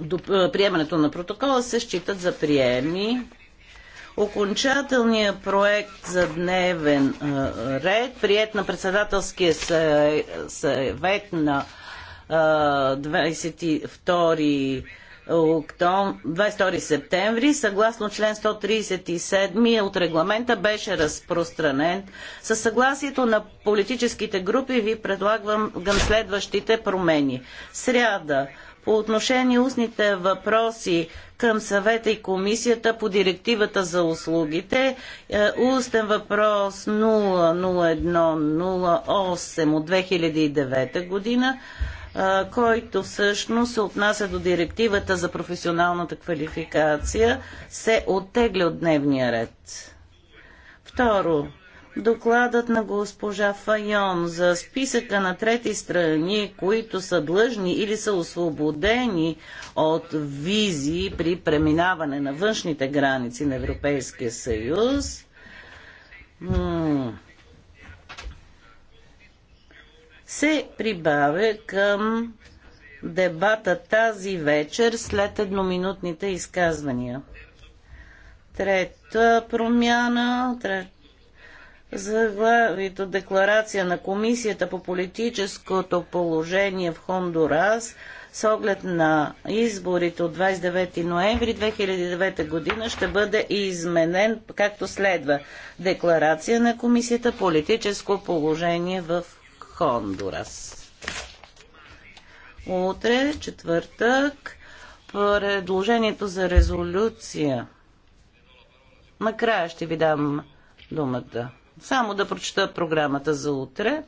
до приемането на протокола се считат за приеми. Окончателният проект за дневен ред, прият на председателския съвет на 22 октом... 22 септември, съгласно член 137 от регламента, беше разпространен. Със съгласието на политическите групи ви предлагам следващите промени. Сряда по отношение устните въпроси към съвета и комисията по директивата за услугите, е, устен въпрос 00108 от 2009 година, е, който всъщност се отнася до директивата за професионалната квалификация, се оттегля от дневния ред. Второ, докладът на госпожа Файон за списъка на трети страни, които са длъжни или са освободени от визи при преминаване на външните граници на Европейския съюз. се прибавя към дебата тази вечер след едноминутните изказвания. Трета промяна, трета Заглавието декларация на Комисията по политическото положение в Хондурас с оглед на изборите от 29 ноември 2009 година ще бъде изменен както следва. Декларация на Комисията политическо положение в Хондурас. Утре, четвъртък, предложението за резолюция. Накрая ще ви дам думата. Само да прочета програмата за утре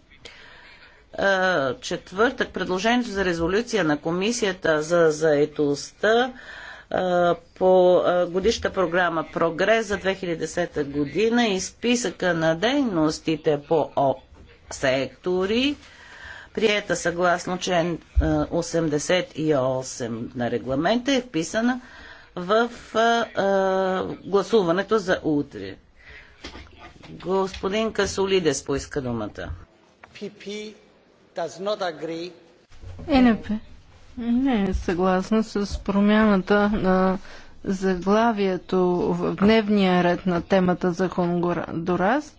четвъртък предложението за резолюция на комисията за заетостта по годишната програма Прогрес за 2010 година и списъка на дейностите по сектори, приета съгласно член 88 на регламента, е вписана в гласуването за утре. Господин Касолидес поиска думата. PP does not agree. ЕНП не е съгласна с промяната на заглавието в дневния ред на темата за Хондурас.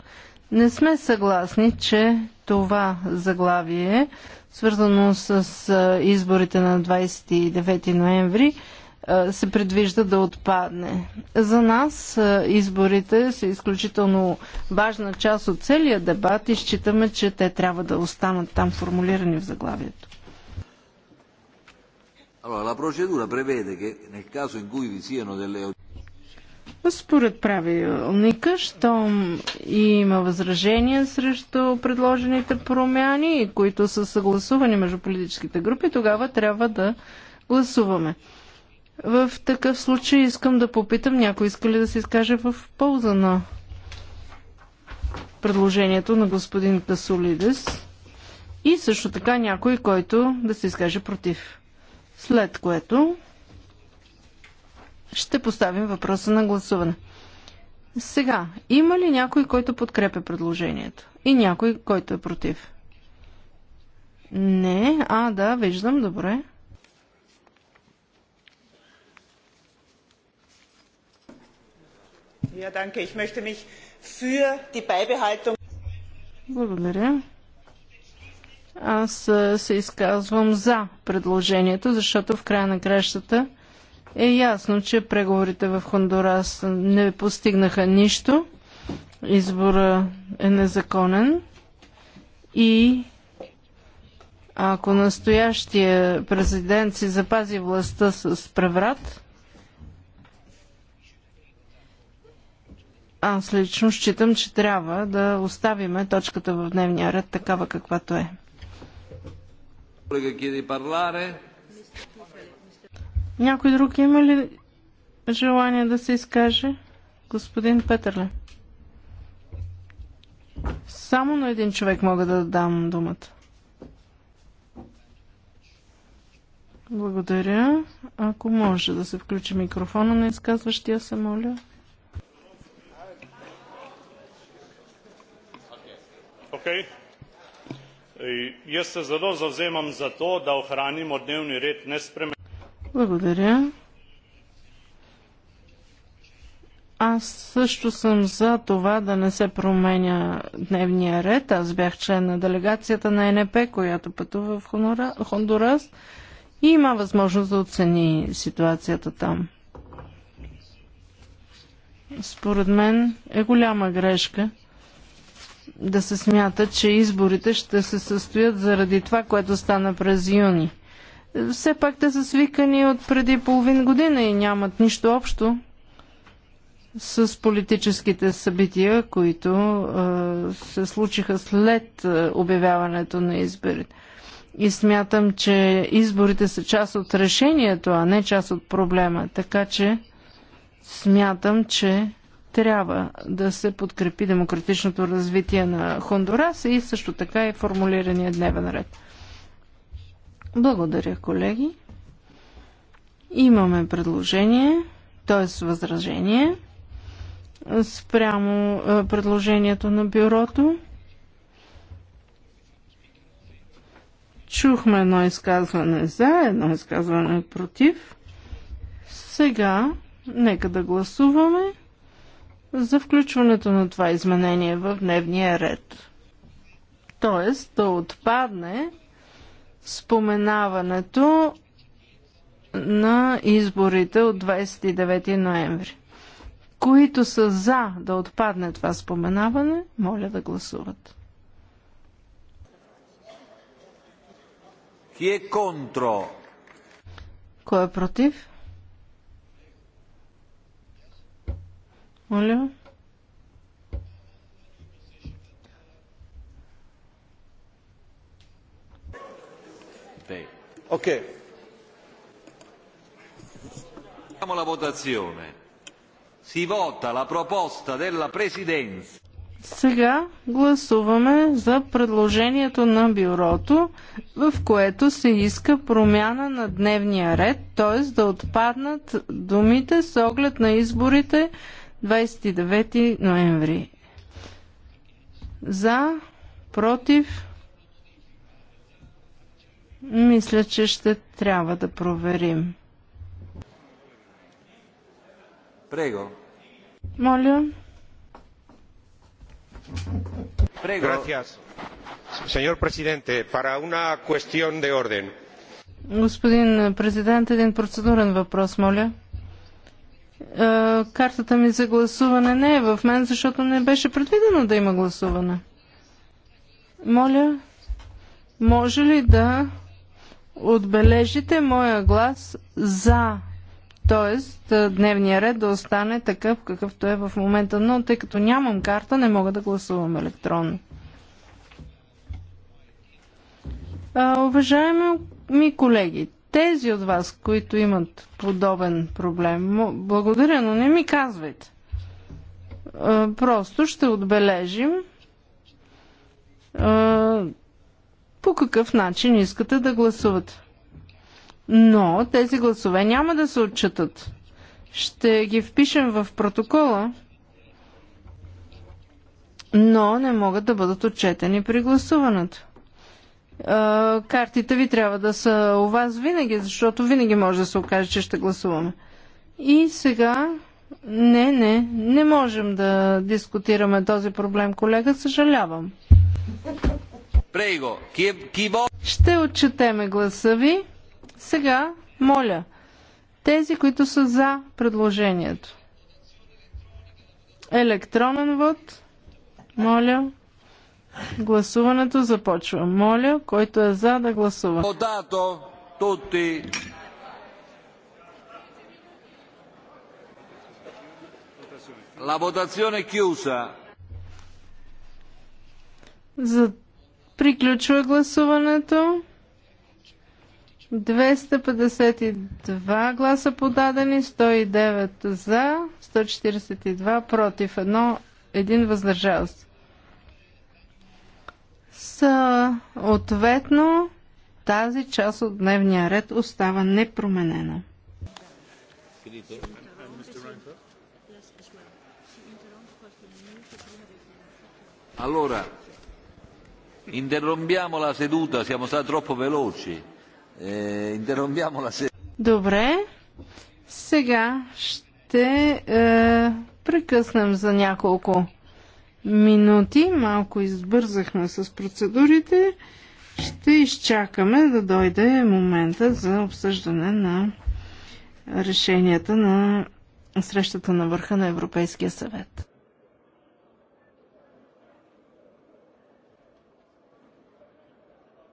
Не сме съгласни, че това заглавие, свързано с изборите на 29 ноември, се предвижда да отпадне. За нас изборите са изключително важна част от целия дебат и считаме, че те трябва да останат там формулирани в заглавието. Според правилника, щом има възражения срещу предложените промяни, които са съгласувани между политическите групи, тогава трябва да гласуваме. В такъв случай искам да попитам някой иска ли да се изкаже в полза на предложението на господин Касолидес и също така някой, който да се изкаже против. След което ще поставим въпроса на гласуване. Сега, има ли някой, който подкрепя предложението? И някой, който е против? Не, а да, виждам, добре. Благодаря. Аз се изказвам за предложението, защото в края на кращата е ясно, че преговорите в Хондурас не постигнаха нищо. Избора е незаконен и ако настоящия президент си запази властта с преврат, Аз лично считам, че трябва да оставиме точката в дневния ред такава каквато е. Някой друг има ли желание да се изкаже? Господин Петърле. Само на един човек мога да дам думата. Благодаря. Ако може да се включи микрофона на изказващия се, моля. E, jaz se zelo zavzemam za to, da ohranimo dnevni red nespremenjen. Благодаря. Аз също съм за това да не се променя дневния ред. Аз бях член на делегацията на НП, която пътува в Хондурас и има възможност да оцени ситуацията там. Според мен е голяма грешка да се смята, че изборите ще се състоят заради това, което стана през юни. Все пак те са свикани от преди половин година и нямат нищо общо с политическите събития, които е, се случиха след обявяването на изборите. И смятам, че изборите са част от решението, а не част от проблема. Така че смятам, че трябва да се подкрепи демократичното развитие на Хондурас и също така и е формулирания дневен ред. Благодаря, колеги. Имаме предложение, т.е. възражение спрямо е, предложението на бюрото. Чухме едно изказване за, едно изказване против. Сега нека да гласуваме за включването на това изменение в дневния ред. Тоест да отпадне споменаването на изборите от 29 ноември. Които са за да отпадне това споменаване, моля да гласуват. Кой е контро? Кой е против? Моля. Окей. la votazione. Si vota la proposta della Presidenza. Сега гласуваме за предложението на бюрото, в което се иска промяна на дневния ред, т.е. да отпаднат думите с оглед на изборите 29 ноември. За, против, мисля, че ще трябва да проверим. Прего. Моля. Прего. Gracias. Señor presidente, para una cuestión de orden. Господин президент, един процедурен въпрос, моля. Е, картата ми за гласуване не е в мен, защото не беше предвидено да има гласуване. Моля, може ли да отбележите моя глас за? т.е. дневния ред да остане такъв, какъвто е в момента, но тъй като нямам карта, не мога да гласувам електронно. А, е, уважаеми ми колеги, тези от вас, които имат подобен проблем, благодаря, но не ми казвайте. Просто ще отбележим по какъв начин искате да гласувате. Но тези гласове няма да се отчитат. Ще ги впишем в протокола, но не могат да бъдат отчетени при гласуването картите ви трябва да са у вас винаги, защото винаги може да се окаже, че ще гласуваме. И сега не, не, не можем да дискутираме този проблем, колега, съжалявам. Ще отчетеме гласа ви. Сега, моля, тези, които са за предложението. Електронен вод, моля. Гласуването започва. Моля, който е за да гласува. La votazione è chiusa. За... Приключва гласуването. 252 гласа подадени, 109 за, 142 против, 1, 1 въздържал се са ответно тази част от дневния ред остава непроменена. Allora, interrompiamo la seduta, siamo stati troppo veloci. Eh, interrompiamo la seduta. Добре, сега ще е, прекъснем за няколко минути. Малко избързахме с процедурите. Ще изчакаме да дойде момента за обсъждане на решенията на срещата на върха на Европейския съвет.